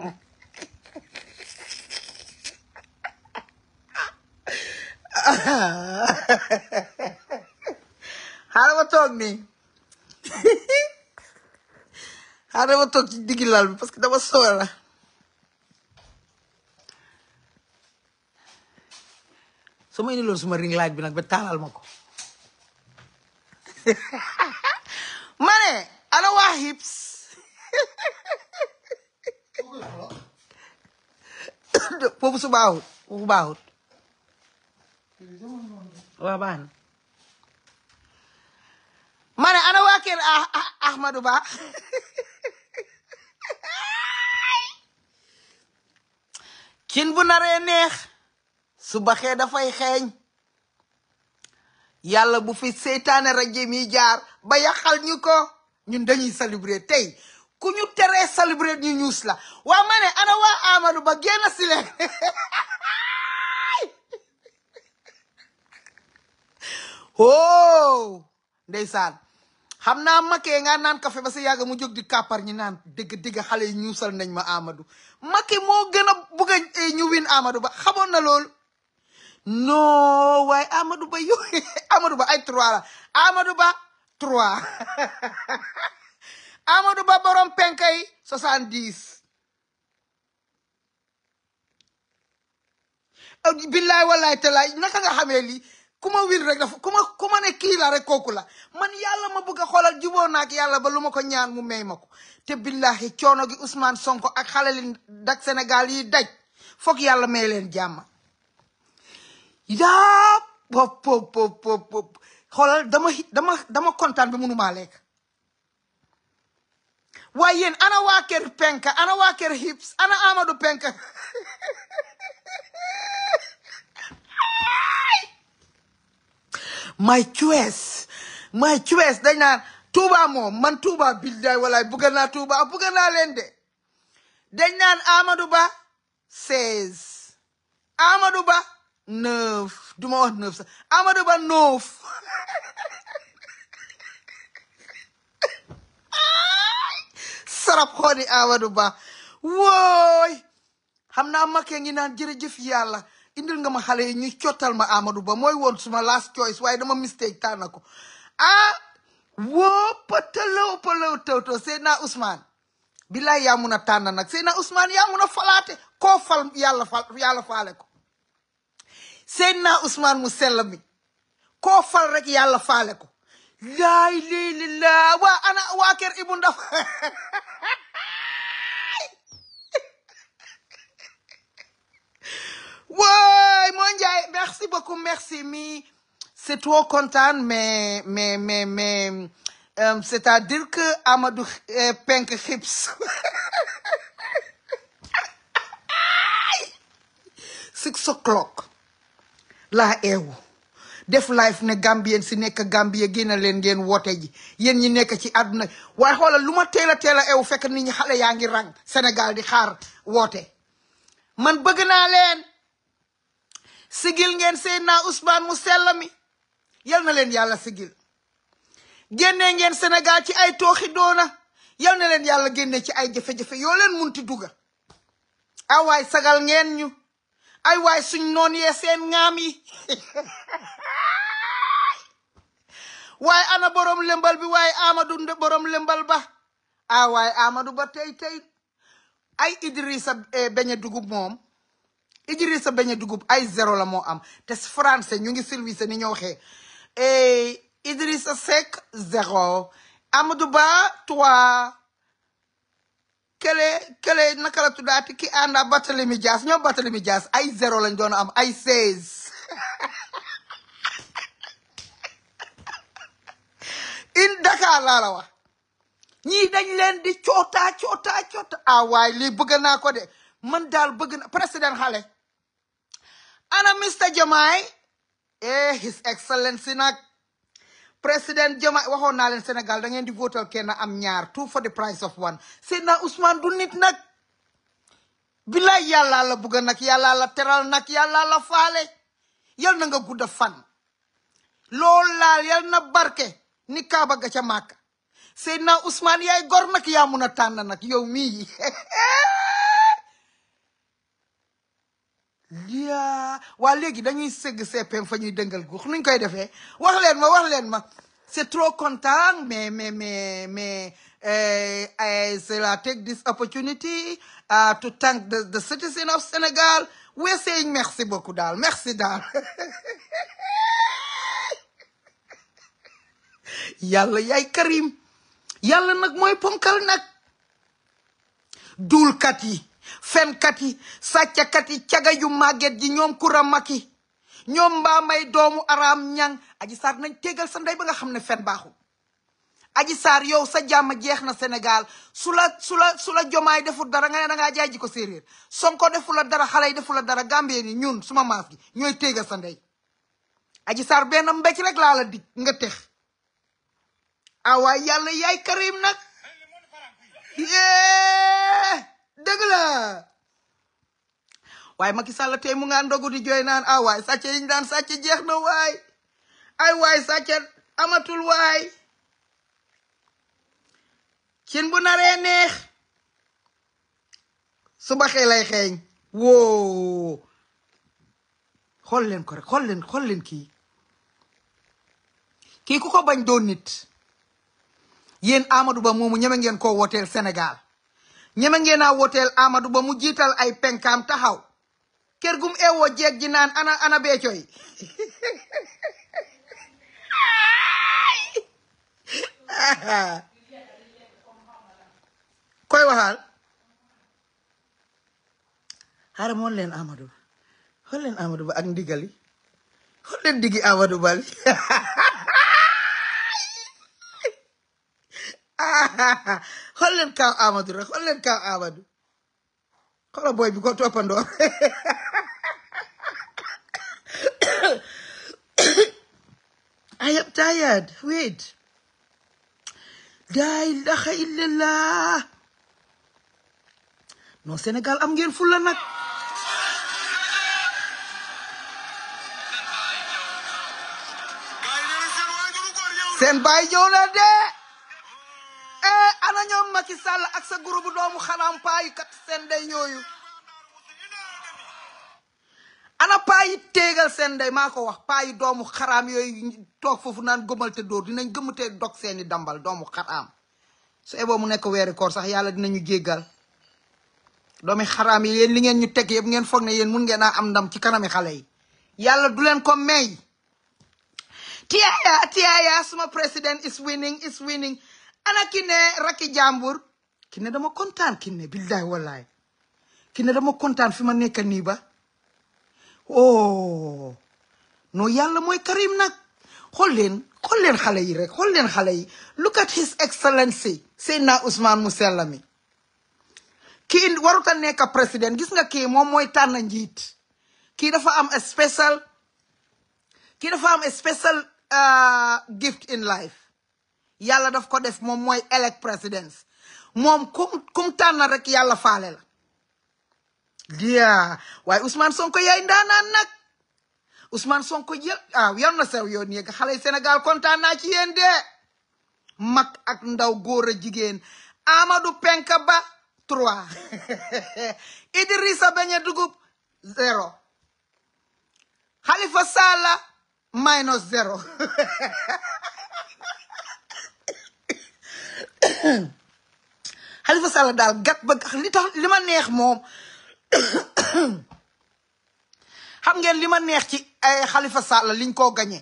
xaaral ma toog nii xaaral ma toog ci diggi lal bi parce que dama soola la su ma indi loon suma ring light bi nag ba taalal ma ko ma ne waa hips de foofu su baaxut foofu baaxut waaw baax na ma ne ana waa kër ah, ah, Ahmadou Ba cin bu naree neex su baxee dafay xeeñ yàlla bu fi seytaane rajim yi jaar ba yàqal ñu ko ñun dañuy célébrer tey ku ñu teree célébrer ñu news la waa ma ana waa Amadou Ba génn si leen oh ndeysaan xam naa Macky nga naan café ba sa yàgg mu jóg di kàppar ñi naan dëgg dëgg xale yi ñuusal nañ ma Amadou Macky moo gën a bugg a eh, ñu win Amadou Ba xamoon na loolu non waaye Amadou Ba yo Amadou Ba ay trois la Amadou Ba trois Amadou Ba borom penkay soixante-dix billaay wallaay talaay naka nga xamee lii ku ma wil rek dafa ku ma ma ne kii rek kooku la man yàlla ma bëgg a xoolal juboo naak yàlla ba lu ma ko ñaan mu may ma ko te billahi coono gi Ousmane Sonko ak xale li dak Sénégal yi daj foog yàlla may leen jàmm yaa pop pop pop dama dama kontaan bi mënumaa lekk waaye ana waa kër penka ana waa kër hips ana Amadou penka my choice my choice dañ naan Touba moom man Touba billaay walaay bëgg naa Touba bëgg naa leen dañ naan Amadou Ba seize Amadou Ba neuf du ma wax neuf sax Amadou Ba neuf sarap xooli Amadou Ba wooy xam naa ngi naan jërëjëf yàlla indil nga ma xale yi ñuy cottal ma Amadou Ba mooy woon suma last choice waaye dama mistake tànn ko ah woo patalaw palaw tawto Seydina Ousmane billaay yaa mun a tànn nag Seydina Ousmane yaa mun a falaate koo fal yàlla fal yàlla faale ko Seydina Ousmane mu sell mi koo fal rek yàlla fale ko laay lii li laa waa ana waa kër Ibou Ndaw waay moo njaay merci beaucoup merci mi c'est trop content mais mais mais mais euh, c'est-à-dire que Amadou euh, Penk Xips six o'clock laa eewu def live ne Gambien si nekk Gambie génn leen ngeen woote ji yéen ñi nekk ci àdduna waaye xoolal lu ma teel a teel a ew fekk ni ñi xale yaa ngi rang Sénégal di xaar woote man bëgg naa leen sigil ngeen Seydina mu sell mi yal na leen yàlla sigil génnee ngeen Sénégal ci ay tooxi doona yal na leen yàlla génne ci ay jafe-jafe yoo leen munti duga awaay sagal ngeen ay waay suñ noon yee seen ŋaam yi waaye ana borom lëmbal bi waaye Amadou borom lembal ba ah waaye Amadou ba tey tey ay Idrissa eh, beñe dugub moom Idrissa beñe dugub ay zéro la moo am te français ñu ngi service ni ñoo waxee eh, Idrissa Seck zéro Amadou Ba trois kële kële naka la tuddaati ki ànd mi Barthélémy Dias ñoom Barthélémy Dias ay zéro lañ doon am ay seize in Dakar laa ñii dañ leen di cootaa cootaa cootaa ah waaye lii bëgg naa ko de man daal bëgg na président xale ana Mr Diomaye eh his excellence président Diomaye waxoon naa leen Sénégal da ngeen di votal kenn am ñaar two for the price of one Seydina Ousmane du nit nag billaay yàllaa la bugg nag yàllaa la teral nag yàllaa la faale yal na nga gudda fan loolu laal yal na barke ni kaaba ga ca màkk Seydina Ousmane yaay gor nak yaa mun a tànn nag yow mii lia waa léegi dañuy sëgg seppem fa ñuy dëngal guux nuñ koy defee wax leen ma wax leen ma c'est trop content mais mais mais mais euh, euh, c'est la take this opportunity euh, to thank the the citizen of Sénégal weeseeñ merci beaucoup daal merci daal yàlla yaay karim yàlla nag mooy ponkal nag duulkat yi fenkat yi sàccakat yi caga yu màgget ji ñoom kura maki ñoom mbaa may doomu araam ñang aji saar nañ tegal sa ndey ba nga xam ne fen baaxul aji saar yow sa jàmm jeex na Sénégal su la su la su la jomaay deful dara nga ne dangaa ko séeréer sonko defu la yi defu la dara gambee ni ñun suma maas gi ñooy tegal sa ndey aji saar benn mbécc rek laa la dig nga tex yay yàlla yaay karim nag dëgg waaye Macky Sall tey mu ngaa ndogu di jooy naan ah waay sàcce yi daan sàcce jeex na waay ay waay sàcce amatul waay cin bu naree neex suba xee lay xeeñ woo xool leen ko rek xool leen xool leen kii kii ko bañ doon nit yéen Amadou Ba moomu ñeme ngeen ko wooteel Sénégal ñeme ngeen a woteel amadu Ba mu jiital ay penkaam taxaw kër gum eewoo jeeg ji naan ana ana beecoy koy waxal xaaral moon leen amadu Ba xool leen Amadou Ba ak ndigali xool leen digi Amadou Ba xool leen kaw Amadou rek xool leen kaw Amadou xoolal booy bi ko toppandoo I am tired wait daa ilaha illallah non Sénégal am ngeen fulla nag seen baay ñëw na ana ñoom Macky Sall ak sa groupe doomu xaraam paayu kat seen day ñooyu ana paayi téegal seen day maa ko wax paayi doomu xaraam yooyu toog foofu naan gëmal te dóor dinañ gëmatee dog seeni dambal doomu xaram su eboo mu nekk weeri koor sax yàlla dinañu jéggal doomi xaraam yi yéen li ngeen ñu teg yëpp ngeen foog na yéen mun ngeen am ndam ci kanami xale yi yàlla du leen ko may tiyaaya tiyaaya suma président is winning is winning ana Kiné rakki jàmbur Kiné dama kontaan Kiné billaay wallaay Kiné dama kontaan fi ma nekk nii ba oh no yàlla mooy Karim nag xool leen xool leen xale yi rek xool leen xale yi look at his excellency Seydina Ousmane mu sell mi ki kii waruta nekk président gis nga kii moom mooy tànn njiit kii dafa am spécial kii dafa am spécial uh, gift in life yàlla daf ko def moom mooy elect présidence moom kum kum tànn rek yàlla faale la dia waaye Ousmane Sonko yaay ndaanaan nag Ousmane Sonko yë ah yal na sew yoon yegg xale senegal kontaan naa ci yéen de mag ak ndaw góor a jigéen Amadou Penka Ba trois Idrissa Beñe dugub zéro Khalifa Sall minus zéro Khalifa Sall daal gat ba lita tax li ma neex moom xam ngeen li ma neex ci Khalifa Sall liñ koo gañe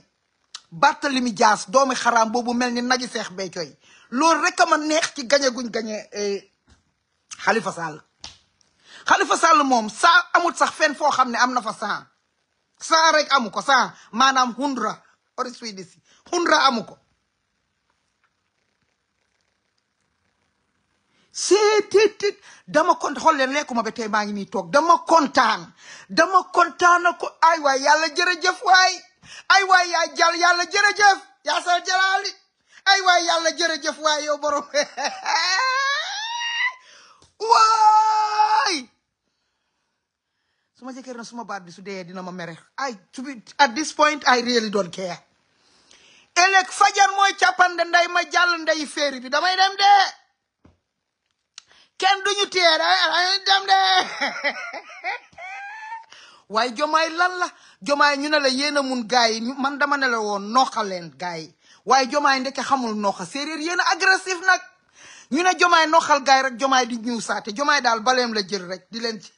Barthélemy jaas doomi xaraam boobu mel ni naji seex béycoo loolu rek a ma neex ci gañe guñ gañe xalifa e, Sall Khalifa Sall moom saa amul sax fenn foo xam ne am na fa saa saa rek amu ko saa maanaam hundra ori suy hundra amu ko seetit dama kont xool leen lekkuma ba maa ngi nii toog dama kontaan dama kontaan ko ay waay yàlla jërëjëf waay ay waay yaa jàll yàlla jërëjëf yaa sal jalaali ay waay yàlla jërëjëf waay yow borom waay suma jëkkër na suma baat bi su dee dina ma mere ay to be at this point I really don't care ëllëg fajar mooy càppande nday ma jàll nday féeri bi damay dem dee kenn du ñu dañuy dem de waaye jomaay lan la jomaay ñu ne la yéen a mun gars yi man dama ne la woon nooxa leen gars yi waaye jomaay ndeke xamul nooxa séeréer yéen a agressif nag ñu ne jomaay nooxal gars yi jomaay di ñëw saate jomaay daal baleem la jël rek di leen ci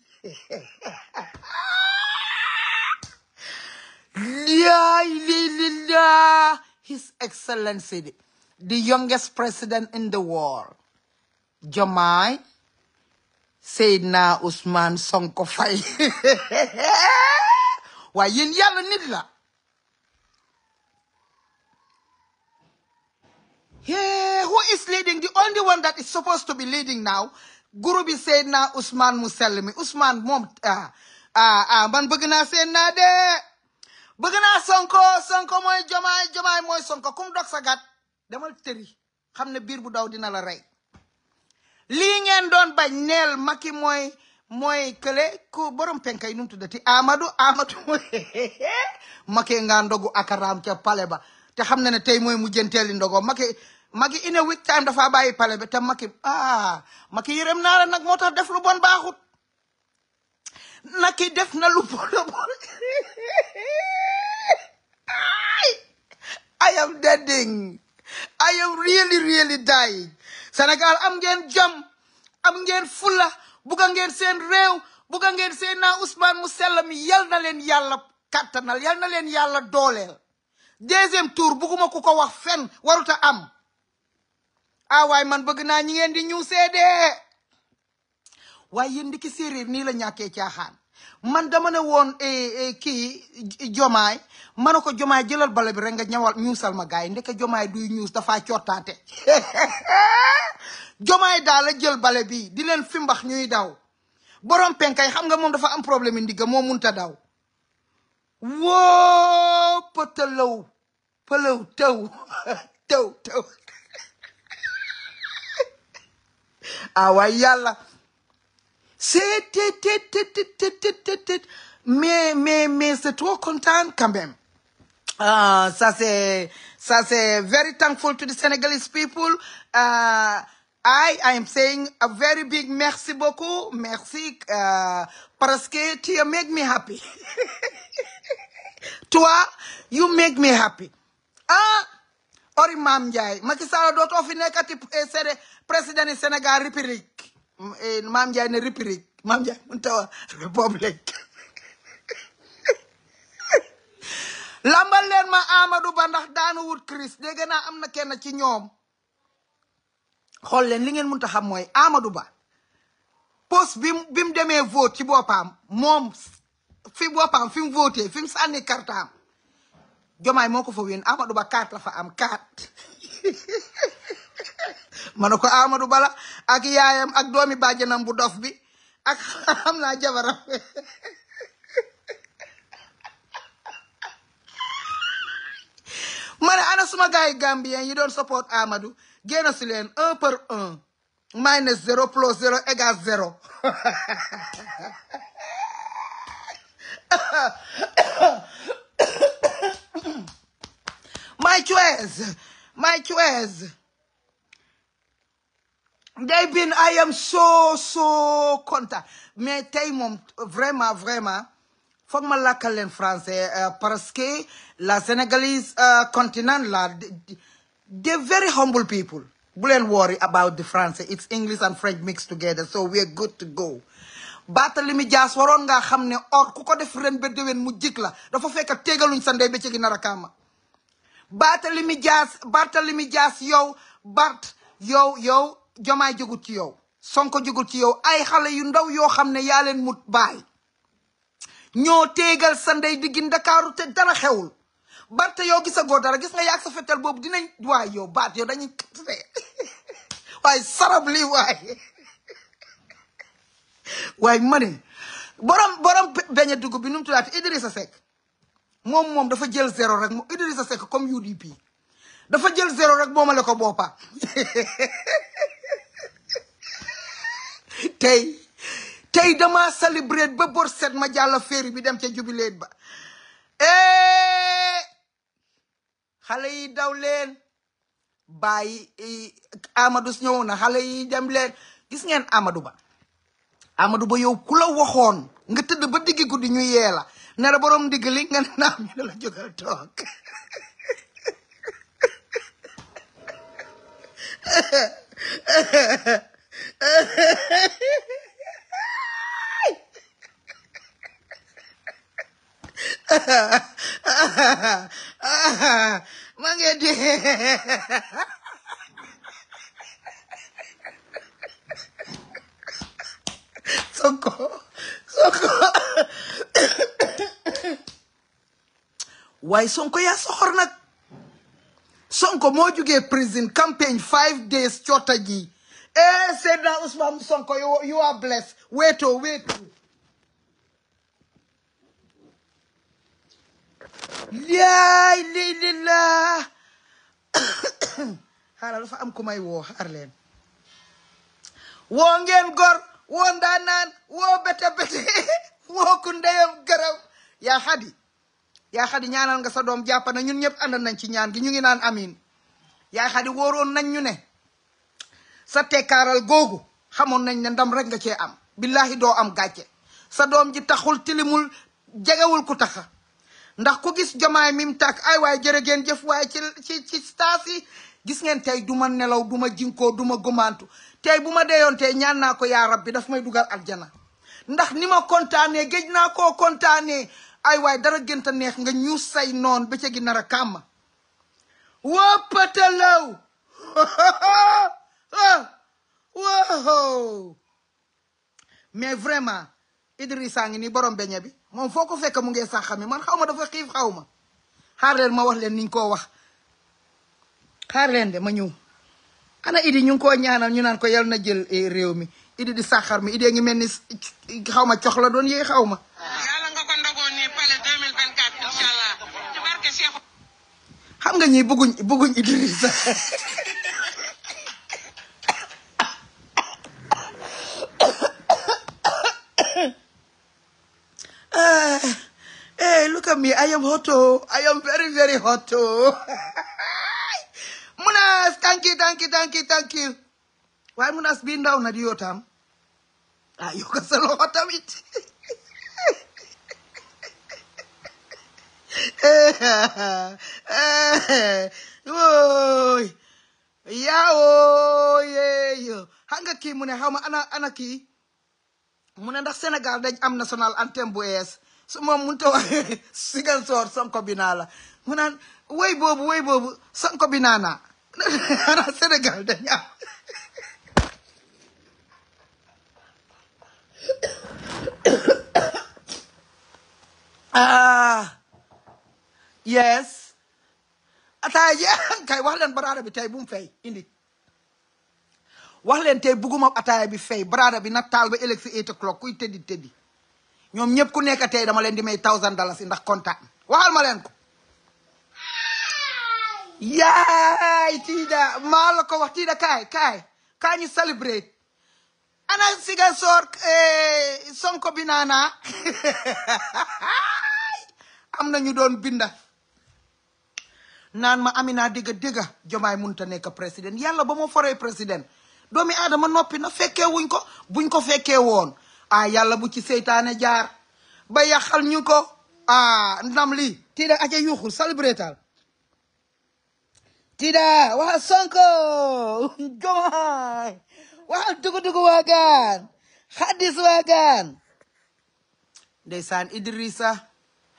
laay his excellency di the youngest president in the world Seydina Ousmane Sonko Faye waaye yéen yàlla nit la yeah, who is leading the only one that is supposed to be leading now guru bi Seydina Ousmane mu sell ah ah ah man bëgg naa Seydina de bëgg naa Sonko Sonko mooy jomaay jomaay mooy Sonko kum dog sa gat demal tëri xam ne biir bu daw dina la rey lii ngeen doon bañ neel Macky mooy mooy kële ku borom penkay num tuddati Amadou Amadou Macky nga ndogu akaraam ca pale ba te xam na ne tey mooy mujjanteeli ndogo Macky Macky in a week time dafa bàyyi pale ba te maki ah Macky yërëm naa la nag moo tax def lu bon baaxut Macky def na lu bon lu I am deading I am really really dying senegal am ngeen jom am ngeen fulla bugga ngeen seen réew bugga ngeen seen naa Ousmane mu sell mi yal na leen yàlla kàttanal yal na leen yàlla dooleel deuxième tour bugguma ku ko wax fen waruta am ah waaye man bëgg naa ñi ngeen di ñu waay waaye yéen ndiki séeréer nii la ñàkkee caaxaan man dama ne woon eh, eh, kii jomaay ma ne ko jomaay jëlal bala bi rek nga ñawal ñuusal ma gars yi ndeke jomaay duy ñuus dafa cootaate jomaay daal la jël bale bi di leen fimbax ñuy daw borom penkay xam nga moom dafa am problème yi ndigga moo munta daw woo pëtalaw pëlaw taw taw taw ah waay yàlla C'est mais mais mais c'est trop content quand même. Uh, ça c'est ça c'est very thankful to the Senegalese people. Uh, I I am saying a very big merci beaucoup merci uh, parce que tu make me happy. Toi you make me happy. Ah Ori Mam Ndiaye Macky Sall dootoo fi nekkati président Sénégal république. Eh, maam Ndiaye ne réplique maam Ndiaye mun tawa république lambal leen ma Amadou Ba ndax daanu wut Chris dégg naa am na kenn ci ñoom xool leen li ngeen mënta xam mooy Amadou Ba poste bi mu demee vote ci boppam moom fi boppam fi mu voté fi mu sànni kartaam jomaay moo ko fa win Amadou Ba carte la fa am carte ma ko Amadou Bala ak yaayam ak doomi bàjjanam bu dof bi ak xam naa jabaram ma ne ana suma gars yi Gambien yi doon support Amadou génn si leen un par un minus zéro plus zéro égale zéro my choice Ndeye Bine I am soo so content mais tey moom vraiment vraiment foog ma lakkal leen français euh, parce que la Senegalese euh, continent la they very humble people bu leen worry about the français it's English and French mixed together so we are good to go Barthélémy Dias waroon ngaa xam ne or ku ko def ren ba déwén mu jik la dafa fekk tegaluñ sa ndey ba ci gi nar a kaama Barthélémy Dias Barthélémy Dias yow Bart yow yow jomaay jógut ci yow sonko jógut ci yow ay xale yu ndaw yoo xam ne yaa leen mut baay ñoo teegal sa ndey diggi ndakaaru te dara xewul barte yow gisagoo dara gis nga yaag sa fetal boobu dinañ waay yow baat yow dañuy kattre waaye sarab lii waay waaye borom borom beñe dugub bi nu mu tuddaati Idrissa Seck moom moom dafa jël zéro rek moom Idrissa Seck comme UDP dafa jël zéro rek moomale ko boppa tey tey dama célébrer ba bor set ma jàll féeri bi dem ca jubilee ba eh xale yi daw leen bàyyi eh, Amadou ñëw na xale yi dem leen gis ngeen Amadou Ba Amadou Ba yow ku la waxoon nga tëdd ba digg guddi ñu yee la ne borom digg li nga ne naam ñu la jógal toog ma ngi dee Sonko Sonko waaye Sonko yaa soxor nag Sonko moo jugee prison campagne five days coota ji eh Seydina Ousmane Sonko you, you are blessed wéetoo wéetoo laay lii li am ku may woo xaar leen woo ngeen gor woo naan woo bete bete woo ku ndeyam garaw yaa xadi yaa xadi ñaanal nga sa doom jàpp na ñun ñëpp ànd nañ ci ñaan gi ñu ngi naan amin yaa xadi wóoroon nañ ñu ne sa tekkaaral googu xamoon nañ ne ndam rek nga cee am billahi doo am gàcce sa doom ji taxul tilimul jegewul ku taxa ndax ku gis jomaay mi mu tàkk ay waay jërë ngeen jëf waaye ci ci gis ngeen tey du nelaw du ma jinkoo du ma gumantu tey bu ma deeyoon ñaan naa ko yaa rabbi daf may dugal aljana ndax ni ma kontaanee géej naa koo kontaanee ay waay dara gën a neex nga ñu say noon ba ca gi nar a kàmm wóppatalaw ah wow mais vraiment Idrissa ngi nii borom beñe bi moom foo ko fekk mu nge sax mi man xaw ma dafa xiif xaw ma xaar leen ma wax leen niñ koo wax xaar leen de ma ñëw ana Idi ñu ngi koo ñaanal ñu naan ko yal na jël eh, réew mi Idi di saxar mi Idi ngi mel ni xaw ma cox la doon yéey xaw ma. nga ko ndogoon nii pale 2024 I am hot. Oh. I am very, very hot. Oh. Munas, thank you, thank you, thank you, thank you. Why Munas been down at your time? Ah, you can sell hot of it. Whoa. yaawoo yeeyo xam nga kii mu ne xaw ma ana ana kii mu ne ndax Sénégal dañ am national anthem bu ees su moom mënut a waxee Ziguinchor Sonko bi naa la mu naan woy boobu woy boobu Sonko bi naa naa xanaa Sénégal dañ am ah yes ataaya ji kay wax leen baraada bi tey bu mu fay indi wax leen tey bugguma ataaya bi fey baraada bi na taal ba élection eight o'clock kuy tëddi tëddi ñoom ñëpp ku nekk tey dama leen di may thousand dollars yi ndax kontaan waxal ma leen ko yaay tiida maa ko wax tiida kaay kaay kaay ñu celebrate ana siga soor eh, sonko bi naana am na ñu doon binda naan ma Amina dégga dégga jomaay munta nekk président yàlla ba moo foree président doomi aadama noppi na fekkee wuñ ko buñ ko fekke woon ah yàlla bu ci seytaane jaar ba yàqal ñu ko ah ndam li tiida aca yuuxul salbretal tiida waxal sonko jomaay waxal tugu-tugu waagaan xaddis waagaan ndeysaan idrissa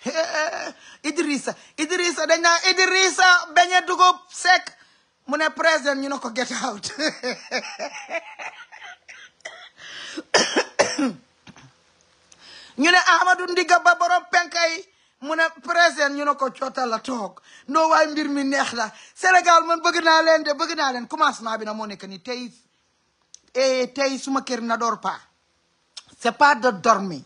idrissa idrissa dañ naa idrissa beñe dugub sec mu ne président ñu ne ko get out ñu ne Ahmadou Ndiga ba borom penkay mu ne président ñu ne ko coota la toog noo waay mbir mi neex la Sénégal man bëgg naa leen de bëgg naa leen commencement bi na moo nekk ni tey eh, tey suma kër na door pas c'est pas de dormir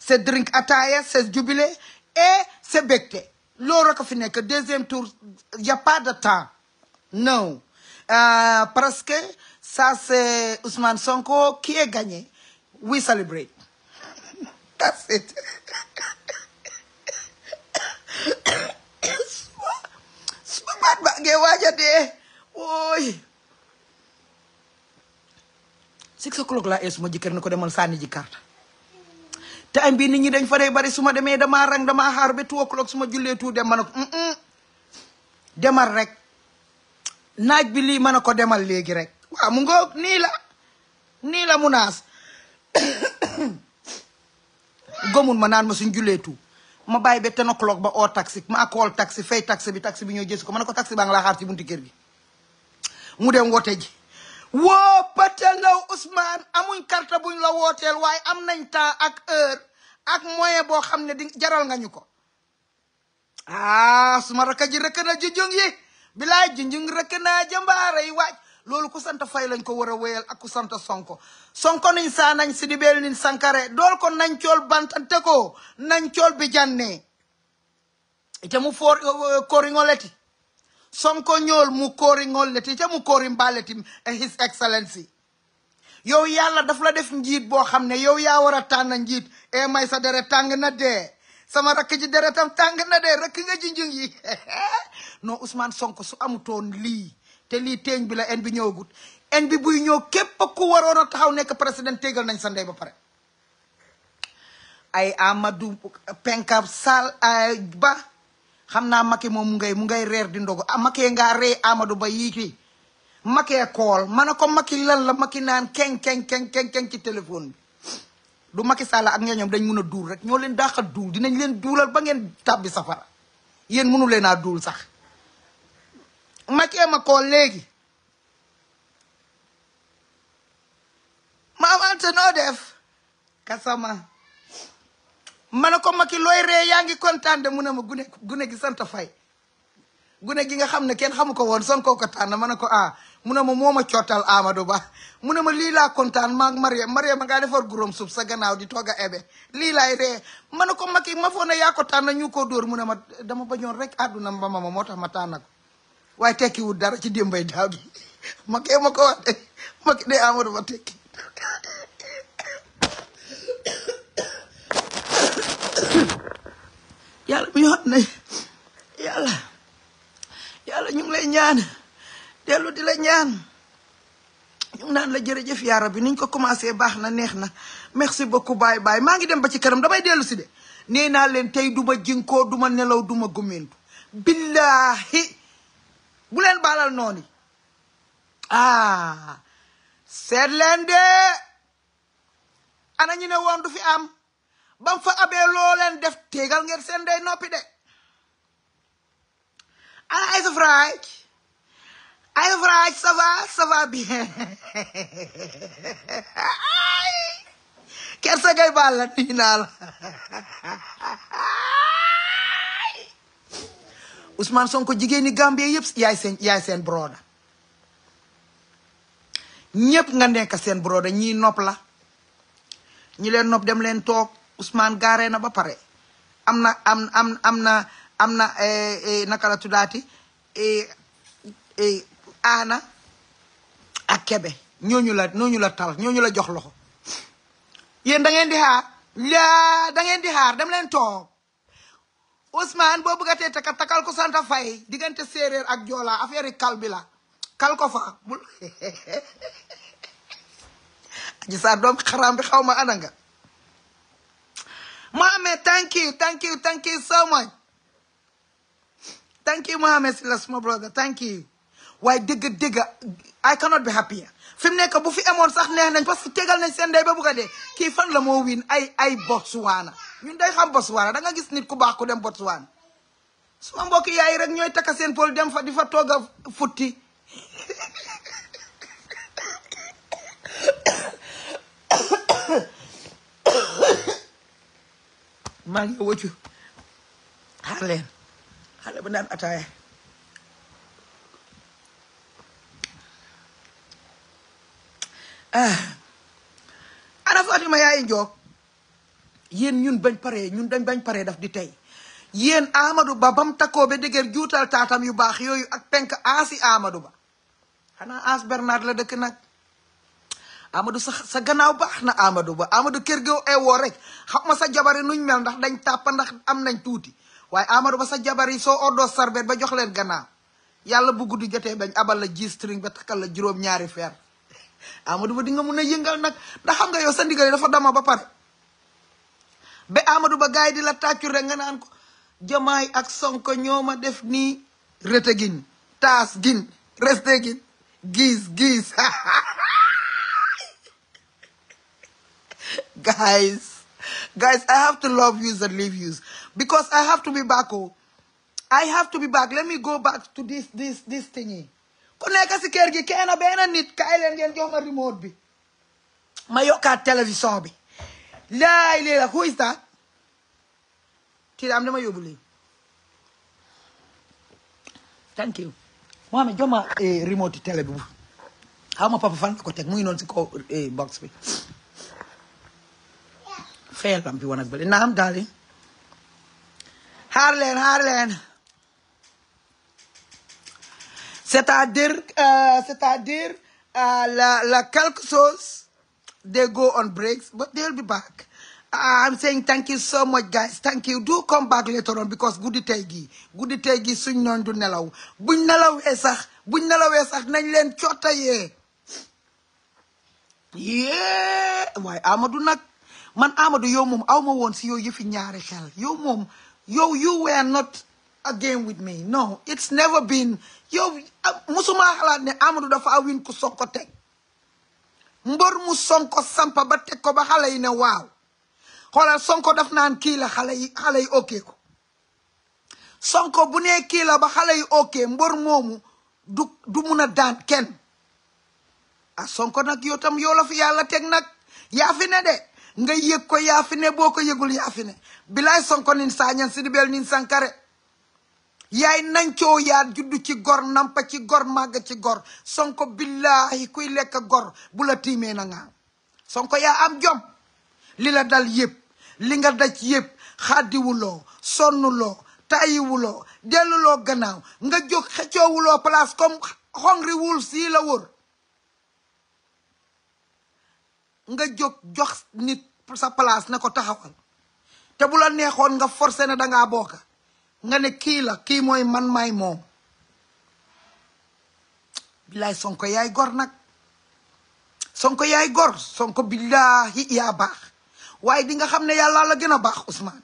c'est drink ataaya c'est jubilé et c'est bégte loolu ko fi nekk deuxième tour y pas de temps non euh, parce que ça c'est Ousmane Sonko qui est gagné we celebrate Cacete. suma suma baat ba ngee waaja dee wooy six o'clock laa ee suma jëkkër ne ko demal sànni ji carte te am bii nit ñi dañ fa dee bari suma demee dama rang damaa xaar ba two o'clock suma jullee tuut dem ma ne ko demal rek naaj bi lii mën a ko demal léegi rek waaw mu ngoog nii la nii la gëmul ma naan ma suñ tu ma bàyyi ba ten o'clock ba oo taxi ma akool taxi fay taxi bi taxi bi ñoo jësi ko ma ne ko taxi baa ngi laa xaar ci gi mu dem woote ji woo Patel Ndaw Ousmane amuñ carte buñ la wooteel waaye am nañ temps ak heure ak moyen boo xam ne di jaral nga ñu ko ah suma raka ji rëkk na junjung yi bilaay junjung rëkk naa jëmbaare yi waaj loolu ku santa fay lañ ko war a wéyal ak ku santa sonko sonko niñ sa nañ sidibel niñ sankare dool ko nañ cool bantante ko nañ cool bi janne ite mu for eh, eh, koriŋoleti sonko ñool mu koriŋoleti ite mu korim baleti eh, his excellency yow yàlla daf la def njiit boo xam ne yow yaa war a tànn njiit e may sa dere tàng na dee sama rakk ji deretam tàng na dee rakk nga jinjing yi non Ousmane Sonko su amutoon lii te lii teeñ bi la en bi ñëwagut en bi buy ñëw képp ku waroon a taxaw nekk président tégal nañ sa ndey ba pare ay Amadou Penka Sall Ba xam naa maki moom mu ngay reer di ndogu ah, Macky nga rey Amadou Ba yii maki kool ma ne ko Macky lan la Macky naan keng keng keng keng keng ci téléphone bi du maki Sall ak ñoom dañ mun a duul rek ñoo leen daax a duul dinañ leen duulal ba ngeen tàbbi safara yéen mënu leen a duul sax ma jéem a léegi ma avance noo def kasama ma ne ko maki looy ree yaa ngi kontaan de mu ne ma gune gune gi sant fay gune gi nga xam ne kenn xamu ko woon son koo ko tànn ma ne ko ah mu ne ma moo ma cootal Amadou Ba mun ne ma lii laa kontaan maag Mariam Mariam ngaa defar gurom suuf sa gannaaw di toog a ebe lii ree ma ne ko maki ma foog ne yaa ko tànn ñu ko dóor mu ne ma dama bañoon rek àdduna mbama ma moo tax ma tànn waaye tekkiwul dara ci démbay daaw bi ma kee ma ko wax de ma kii de Amadou tekki yàlla mi yoon na yàlla yàlla ñu lay ñaan dellu di la ñaan ñu naan la jërëjëf yaa rabbi ni ko commencé baax na neex na merci beaucoup baay baay maa ngi dem ba ci kanam damay dellu si de nee naa leen tey duma jinkoo duma nelaw duma gumentu billaahi bu leen balal noon yi ah, seet leen de ana ñu ne woon du fi am bam fa abee loo def téegal ngeen seen day noppi de ana Aïssa Fraaj Aïssa Fraaj ça va ça va bien kersa gay Ousmane Sonko jigéeni Gambie yëpp yaay seen yaay seen broda ñëpp nga nekk seen broda ñii nopp la ñi leen nopp dem leen toog Ousmane gaaree na ba pare am na am am am na am na eh, eh, naka la tuddaati eh, aana ak kebe ñooñu la ñooñu la tal ñooñu la jox loxo yéen da ngeen di xaar laa da ngeen di xaar Ousmane boo bëggatee takal takal ko Santa Faye diggante séeréer ak joola affaire yi kal bi la kal ko fa bul aji doom xaraam bi xaw ma ana nga Mohamed thank you thank you thank you so much thank you Mohamed si la suma brother thank you waaye dëgg dëgg I cannot be happy fi mu nekk bu fi amoon sax neex nañ parce que tegal nañ seen day ba bugga dee kii fan la moo win ay ay Botswana ñun day xam Botswana da nga gis nit ku baax ku dem Botswana suma mbokki yaay rek ñooy takka seen pol dem fa di fa toog futti maa ngi wëccu xaar leen xale bu naan ataaya ah ana Fatima yaayi yéen ñun bañ pare ñun dañ bañ paree daf di tey yéen Amadou Ba bam takkoo ba dëgër juutal taatam yu baax yooyu ak penk aasi Amadou Ba xanaa aas Bernard la dëkk nag amadu sa sa gannaaw baax na Amadou Ba Amadou kër goo ewoo rek xa ma sa jabari nuñ mel ndax dañ tàppa ndax am nañ tuuti waaye Amadou Ba sa jabar yi soo ordoo sarbet ba jox leen gannaaw yàlla bu guddi jotee bañ abal a ji string ba takkal la juróom ñaari fer Amadou Ba di nga mun a yëngal nag ndax xam nga yow sa ndigal dafa dama ba pare ba Amadou Ba gars yi di la tàccul rek nga naan ko Diomaye ak Sonko ñoo def nii rete gin taas gin reste gin giis giis guys guys I have to love yous and leave yous because I have to be back oh I have to be back let me go back to this this this thingy ku nekk si kër gi kenn benn nit kaay leen ngeen jox ma remote bi ma yokkaat télévision bi laay léegi la who is that thank you Mohamed jox eh, remote télé bi ma papa fan la ko teg mu ngi noonu si kaw eh, box bi fayal lampi woon ak bële naam daali xaar leen xaar leen c'est-à-dire euh, cest euh, la la they go on breaks, but they'll be back. I'm saying thank you so much guys thank you do come back later on because guddi tey gii guddi suñ noon du nelaw buñ nelawee sax buñ nelawee sax nañ leen cootayee yee waaye Amadou nag man Amadou yow moom aw ma woon si yow fi ñaari xel yow moom yow yo were not again with me no it's never been yow ah, musuma xalaat ne Amadou dafa awin ku soog ko teg mbër mu sonko sampa ba teg ko ba xale yi ne waaw xoolal sonko daf naan kii la xale yi xale yi oké ko sonko bu ne kii la ba xale yi oké mbër moomu du du mun a daan kenn ah sonko nag yow tam yow fi yàlla teg nag yaa fi de nga yëg ko yaa fi ne boo ko yëgul yaa fi ne bilaay sonko nin saañan sidibel nin sankare yaay nancoo yaa juddu ci gor nampa ci gor màgg ci gor sonko billaahi kuy lekk gor bu la tiimee na nga sonko yaa am jom li dal yëpp li nga daj yëpp xaddiwuloo sonnuloo tàyyiwuloo gannaaw nga jóg xëccoowuloo place comme hongri wul sii la wër nga jóg jox nit sa place na ko taxawal te bu la neexoon nga forcé na danga boka nga ne kii la kii mooy man maay moom billaay sonko yaay gor nag sonko yay gor sonko billaahi yaa baax waaye dinga xam ne yàlla la gën a baax Ousmane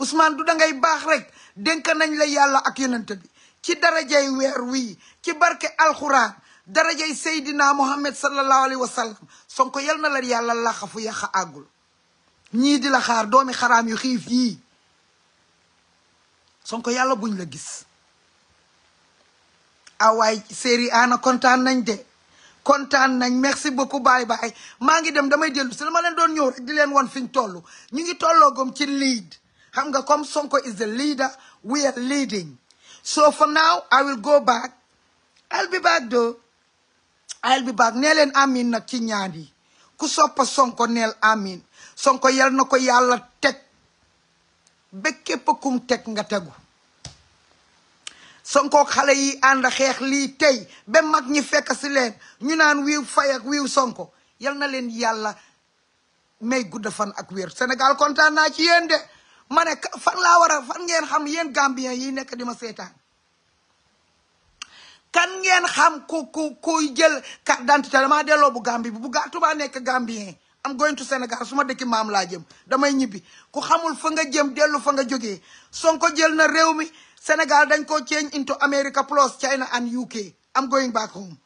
Ousmane du dangay baax rek dénk nañ la yàlla ak yonent bi ci darajay weer wi ci barke alxuraan darajay Seydina Muhammad sallallahu alayhi wa sallam sonko yal na la yàlla laaxa fu yàq àggul ñii di la xaar doomi xaraam yu xiif yii Sonko yàlla buñ la gis awaay ah, série ana kontaan nañ de kontaan nañ merci beaucoup bye bye maa ngi dem damay dellu si la ma leen doon ñëw rek di leen won fi ñu toll ñu ngi tolloo tolloogum ci lead xam nga comme Sonko is the leader we are leading so for now I will go back I'll be back though I'll be back nee leen amin nag ci ñaan ku soppa Sonko neel amin Sonko yal na ko yàlla teg bé képp kum teg nga tegu Sonko xale yi ànd xeex lii tey ba mag ñi fekk si leen ñu naan wiiw fay ak wiiw Sonko yal na leen yàlla may gudd fan ak wér Sénégal kontaan naa ci yéen de ma ne fan laa war a fan ngeen xam yéen Gambien yi nekk di ma seetaan kan ngeen xam ku ku kuy jël carte d'identité dama delloo bu Gambie bi bu gaa tubaa nekk Gambien am going to Sénégal su ma dëkki maam laa jëm damay ñibbi ku xamul fa nga jëm dellu fa nga jógee Sonko jël na réew mi Sénégal dañ ko change into America plus China and UK am going back home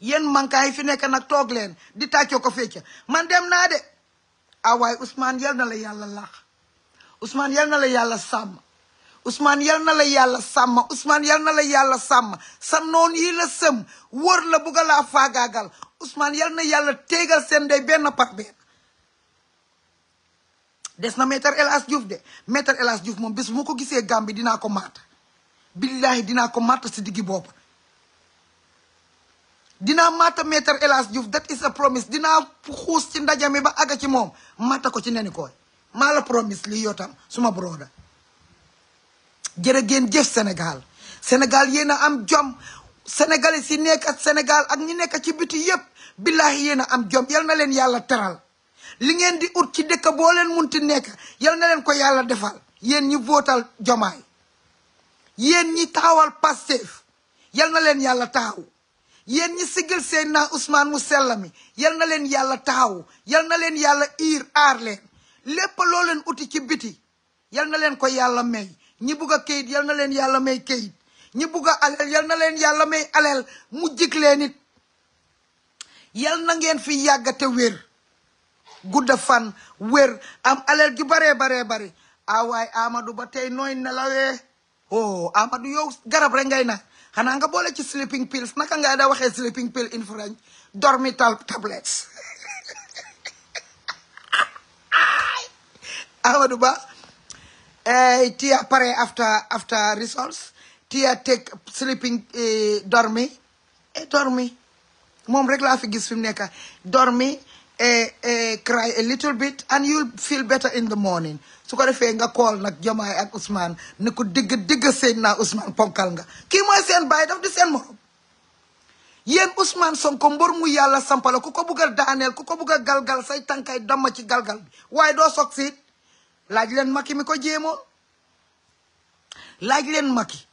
yéen mankaa yi fi nekk nag toog leen di tàccoo ko fecca man dem naa de ah waaye Ousmane na la yàlla laax Ousmane yal na la yàlla sàmm Ousmane yal na la yàlla sàmm Ousmane yal na yàlla sàmm sa noon yi la sëm wër la bugga laa faagaagal Ousmane yal na yàlla tegal seen day benn pat benn des na maître El Hadj Diouf de maître El Hadj moom bés bu ko gisee Gàmbi dinaa ko matt billaahi dinaa ko matt si diggi bopp dinaa matt maître El Hadj Diouf that is a promise dinaa xuus ci ndajami ba aga ci moom matta ko ci neni koy maa la promise li yotam suma broda jërë ngeen jëf senegal senegal yéen am jom sénégalais si nekk ak sénégal ak ñi nekk ci biti yépp billahi yéen a am jom yal na leen yàlla teral li ngeen di ut ci dëkk boo leen munti nekk yal na leen ko yàlla defal yéen ñi vootal jomaay yéen ñi taxawal Pastef yal na leen yàlla taxaw yéen ñi seen Seydina usmaan mu sell mi yal na leen yàlla taxaw yal na leen yàlla iir aar leen lépp loo leen uti ci biti yal na leen ko yàlla may ñi bugg a kayit yal na leen yàlla may kayit ñi bugg a alal leen yàlla may alal mu jik leen it yal na ngeen fi yàggate wér gudda fan wér am alal gi baree baree bari awaay ah, Amadou ba tey nooy nelawee oh Amadou yow garab rek ngay naan xanaa nga boole ci sleeping pills naka nga daa waxee sleeping pill in French dormital tablets Amadou Ba eh, pare after after results tia teg sleeping eh, dormi et eh, dormi moom rek laa fi gis fi mu nekk dormi et eh, cry a little bit and you'll feel better in the morning su ko defee nga kool nag Jomaay ak Ousmane ne ko digg seen naa Ousmane ponkal nga kii mooy seen baay daf di seen morom yéen son ko mbor mu yàlla sampala ku ko bugg daaneel ku ko bugg a galgal say tànkay damma ci galgal waaye doo soog laaj leen makki mi ko jéemoon laaj leen Macky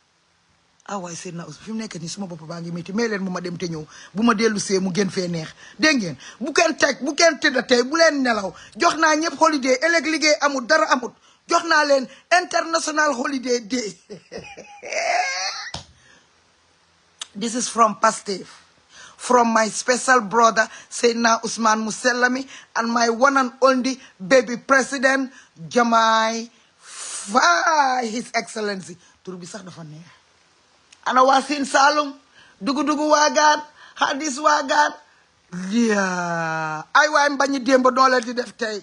ah waaye Seydina Ousmane fi mu nekk nii suma bopp baa ngi métti mais leen mu ma dem te ñëw bu ma dellu see mu gën fee neex dégg ngeen bu kenn teg bu kenn tëdda tey bu leen nelaw jox naa ñëpp holiday ëllëg liggéey amut dara amut jox naa leen international holiday day this is from Pastef from my special brother Seydina Ousmane Musellami and my one and only baby president Jomai Faye his excellency tur bi sax dafa neex ana waa Sine Saalum dugu-dugu waa gaan hadis waa yaa ay waay mbañi démb noo di def tey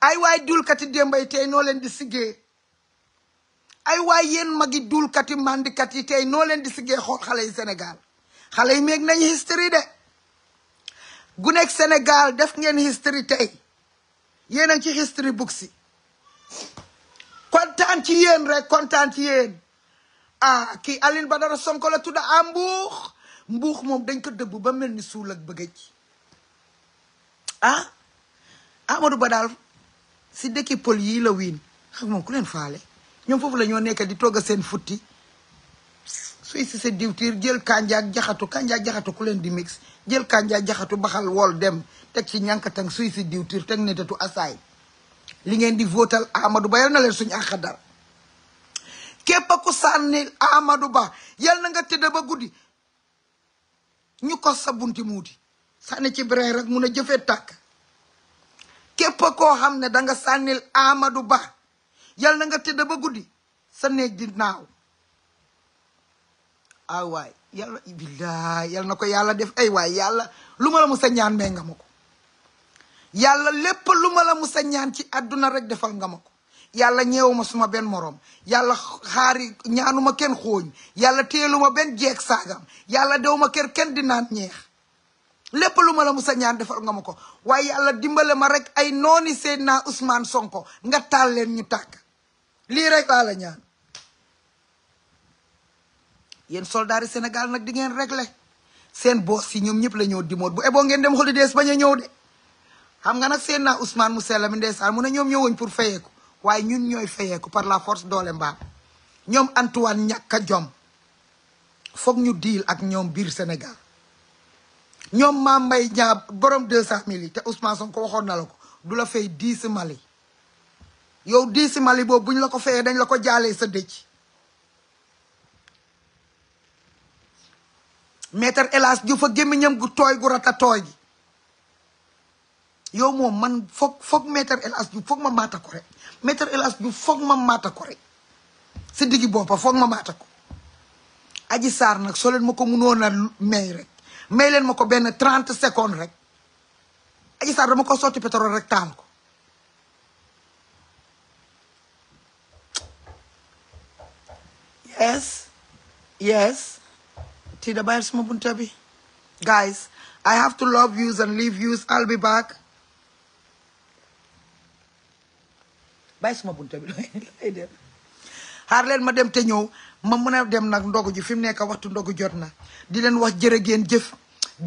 ay waay dulkati démb yi tey noo leen di siggee ay waay yéen magi dulkati mandikat yi tey noo leen di siggee xool xale yi senegal xale yi meeg nañ history de gu nekk Sénégal def ngeen history tey yéen a ngi ci history book kontaan ci yéen rek kontaan ci yéen ah kii Aline Badara Sonko la tudd ah mbuux mbuux moom dañ ko dëbb ba mel ni suul ak bëggëj ah Amadou Ba daal si dëkki pël yii la wiin xam moom ku leen faale ñoom foofu lañoo ñoo nekk di togg seen futti suy si sa diwtiir jël kanja jaxatu kanja jaxatu ku leen di mix jël kanja jaxatu baxal wol dem teg ci ñànkatang suy si diwtiir teg netatu asaay li ngeen di votal Amadou Ba yal na leen suñ àqadar képp ku sànni Amadou Ba yal na nga tëdd ba guddi ñu ko sa bunti muudi sànni ci brin rek mu a jëfe tàkk képp koo xam ne da nga sànnil Amadou Ba yal na nga tëdd ba guddi sa néeg di naaw ay yàlla billaay yal na ko yàlla def ay waay yàlla lu ma la musa ñaan may nga ma ko yàlla lépp lu ma la musa ñaan ci àdduna rek defal nga ma yàlla ñeewuma suma benn moroom yàlla xaari ñaanuma kenn xooñ yàlla teeluma benn jeeg saagam yàlla dewuma kër kenn di naan ñeex lépp lu ma la musa ñaan defal nga ma ko waaye yàlla dimbale ma rek ay nooni naa Ousmane Sonko nga taal leen ñu takk lii rek laa la ñaan yéen soldaari nag di ngeen réglé seen boss yi ñoom ñëpp la ñoo dimoot bu eboo ngeen dem holidays bañ a ñëw de xam nga nag Seydina Ousmane mu sell mi ndeysaan mu ne ñoom ñëwoñ pour fayeeku waaye ñun ñooy ko par la force doole mbaa ñoom Antoine ñàkk jom foog ñu diil ak ñoom biir Sénégal ñoom maa mbay ñaa borom deux cent mille yi te Ousmane ko waxoon na la ko du la fay dix Mali yow dix Mali boobu bu la ko fayee dañ la ko jaalee sa dëcc maître hélas ju fa gémmiñam gu tooy gu rata tooy gi yow moom man foog foog maître El Hadj Diouf foog ma maata ko rek maître El Hadj Diouf foog ma maata ko rek sa diggi boppa foog ma maata ko aji saar nag soo leen ma ko a may rek may leen ma ko benn trente secondes rek aji saar dama ko sotti pétrole rek taal ko yes yes ti da bàyyil sama bunta bi guys i have to love yous and leave yous i'll back bàyyi suma bunta bi looy def xaar leen ma dem te ñëw ma mën a dem nag ndogu ji fi mu nekk waxtu ndogu jot na di leen wax jërë ngeen jëf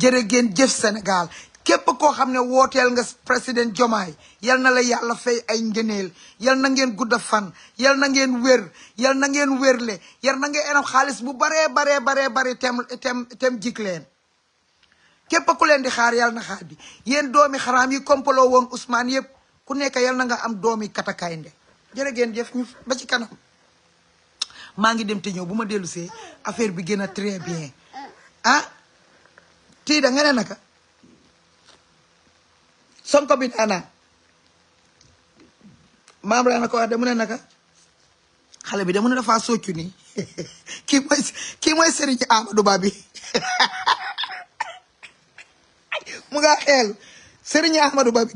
jërë ngeen jëf Sénégal képp koo xam ne wooteel nga président Jomaay yal na la yàlla fay ay ngëneel yal na ngeen gudda fan yal na ngeen wér yal na ngeen wérle yal na ngeen enam xaalis bu baree baree baree bare tem tem tem jik leen képp ku leen di xaar yal na bi yéen doomi xaraam yi kompaloo woon Ousmane yëpp ku nekk yal na nga am doomi katakaynde jërë ngeen jëf ñu ba ci kanam maa ngi dem te ñëw bu ma dellusee see affaire bi gën a très bien ah tii da nga ne naka sonko bi daanaan maam laa na ko wax de ne naka xale bi de mu ne dafa soccu nii kii mooy kii mooy Serigne Amadou bi mu nga xeel Serigne Ahmadou Ba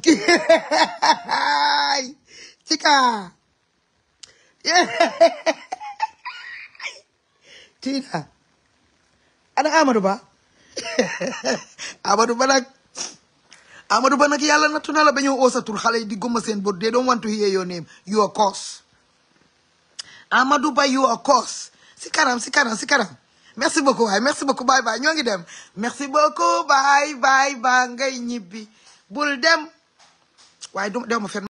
Ba Amadou Ba nag Amadou Ba nag yàlla nattu na la ba ñëw oosatul xale yi di gomma seen bët they don't want to hear your name your cause Amadou Ba your cause si kanam si kanam si kanam merci beaucoup waay merci beaucoup bye bye ñoo ngi dem merci beaucoup bye bye ba ngay ñibbi bul dem waaye du dew ma fen